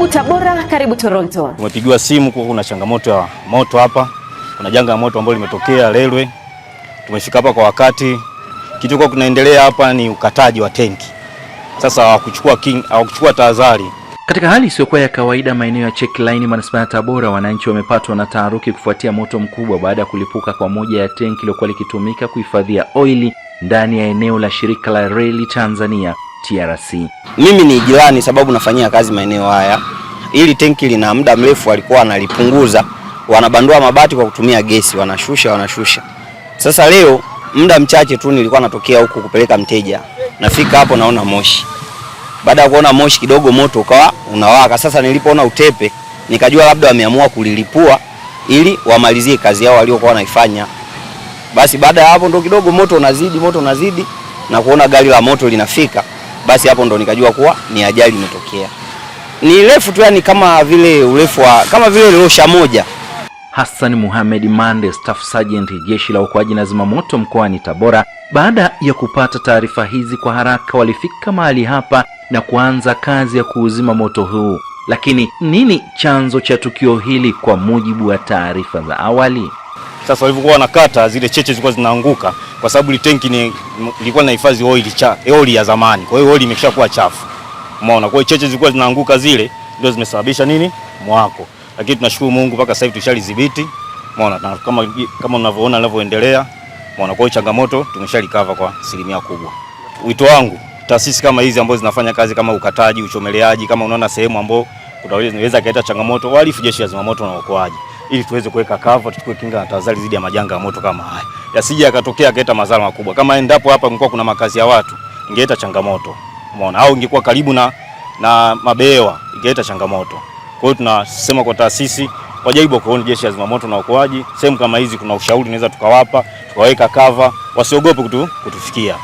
Karibu Tabora, karibu Toronto. Tumepigiwa simu kwa kuna changamoto ya moto hapa, kuna janga la moto ambalo limetokea Lelwe. Tumefika hapa kwa wakati. Kitu kwa kunaendelea hapa ni ukataji wa tenki, sasa hawakuchukua king hawakuchukua tahadhari katika hali isiyokuwa ya kawaida maeneo ya line manispaa ya Tabora, wananchi wamepatwa na taharuki kufuatia moto mkubwa baada ya kulipuka kwa moja ya tenki iliyokuwa likitumika kuhifadhia oili ndani ya eneo la shirika la reli Tanzania. TRC. Mimi ni jirani, sababu nafanyia kazi maeneo haya. Ili tenki lina muda mrefu walikuwa wanalipunguza, wanabandua mabati kwa kutumia gesi, wanashusha wanashusha. Sasa leo muda mchache tu nilikuwa natokea huku kupeleka mteja, nafika hapo naona moshi. Baada ya kuona moshi kidogo, moto ukawa unawaka. Sasa nilipoona utepe, nikajua labda wameamua kulilipua ili wamalizie kazi yao waliokuwa wanaifanya. Basi baada ya hapo ndo kidogo moto unazidi, moto unazidi na kuona gari la moto linafika basi hapo ndo nikajua kuwa ni ajali imetokea. Ni refu tu, yani kama vile urefu wa kama vile losha moja. Hassan muhamed Mande, Staff Sergeant, Jeshi la Uokoaji na Zimamoto mkoani Tabora, baada ya kupata taarifa hizi, kwa haraka walifika mahali hapa na kuanza kazi ya kuuzima moto huu. Lakini nini chanzo cha tukio hili? Kwa mujibu wa taarifa za awali, sasa walivyokuwa wanakata zile cheche zilikuwa zinaanguka kwa sababu ile tanki ni ilikuwa na hifadhi oil cha oil ya zamani, kwa hiyo oil imeshakuwa chafu, umeona. Kwa hiyo cheche zilikuwa zinaanguka zile ndio zimesababisha nini mwako, lakini tunashukuru Mungu mpaka sasa hivi tushalizidhibiti, umeona, na kama kama unavyoona linavyoendelea, umeona. Kwa hiyo changamoto tumeshalikava kwa asilimia kubwa. Wito wangu taasisi kama hizi ambazo zinafanya kazi kama ukataji, uchomeleaji, kama unaona sehemu ambapo ambayo kunaweza kaleta changamoto, walifu jeshi la zimamoto na uokoaji, ili tuweze kuweka cover, tuchukue kinga na tahadhari dhidi ya majanga ya moto kama haya yasije yakatokea akaleta madhara makubwa. Kama endapo hapa ingekuwa kuna makazi ya watu, ingeleta changamoto, umeona, au ingekuwa karibu na, na mabewa, ingeleta changamoto. Kwa hiyo tunasema kwa taasisi wajaribu kuona jeshi la zimamoto na uokoaji sehemu kama hizi, kuna ushauri tunaweza tukawapa, tukaweka kava, wasiogope kutu, kutufikia.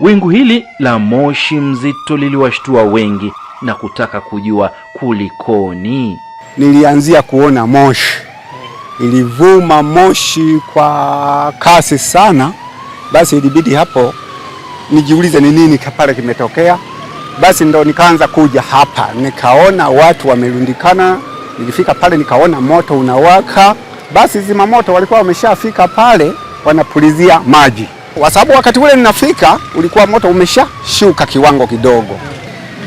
Wingu hili la moshi mzito liliwashtua wengi na kutaka kujua kulikoni. Nilianzia kuona moshi ilivuma moshi kwa kasi sana, basi ilibidi hapo nijiulize ni nini pale kimetokea. Basi ndo nikaanza kuja hapa, nikaona watu wamerundikana. Nilifika pale nikaona moto unawaka, basi zimamoto walikuwa wameshafika pale wanapulizia maji, kwa sababu wakati ule ninafika ulikuwa moto umeshashuka kiwango kidogo.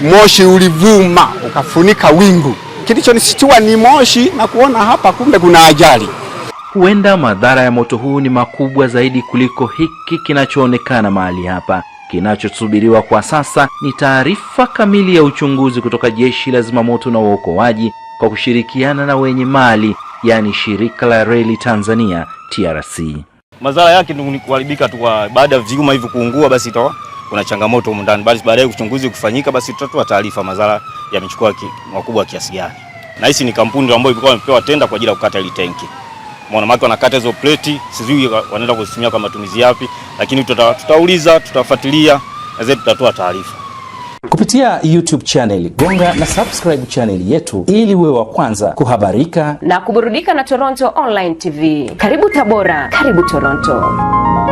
Moshi ulivuma ukafunika wingu. Kilichonisitua ni moshi na kuona hapa kumbe kuna ajali. Huenda madhara ya moto huu ni makubwa zaidi kuliko hiki kinachoonekana mahali hapa. Kinachosubiriwa kwa sasa ni taarifa kamili ya uchunguzi kutoka Jeshi la Zimamoto na Uokoaji kwa kushirikiana na wenye mali, yaani Shirika la Reli Tanzania TRC. Madhara yake ni kuharibika tu, baada ya vyuma hivi kuungua, basi itawa kuna changamoto huko ndani, basi baadaye uchunguzi ukifanyika, basi tutatoa taarifa madhara yamechukua makubwa kiasi gani. Na hisi ni kampuni ambayo ilikuwa imepewa tenda kwa ajili ya kukata ile tenki. Maana maki wanakata hizo pleti, sijui wanaenda kuzitumia kwa matumizi yapi, lakini tuta, tutauliza, tutafuatilia na zetu tutatoa taarifa. Kupitia YouTube channel gonga na subscribe channel yetu ili uwe wa kwanza kuhabarika na kuburudika na Toronto Online TV. Karibu Tabora, karibu Toronto.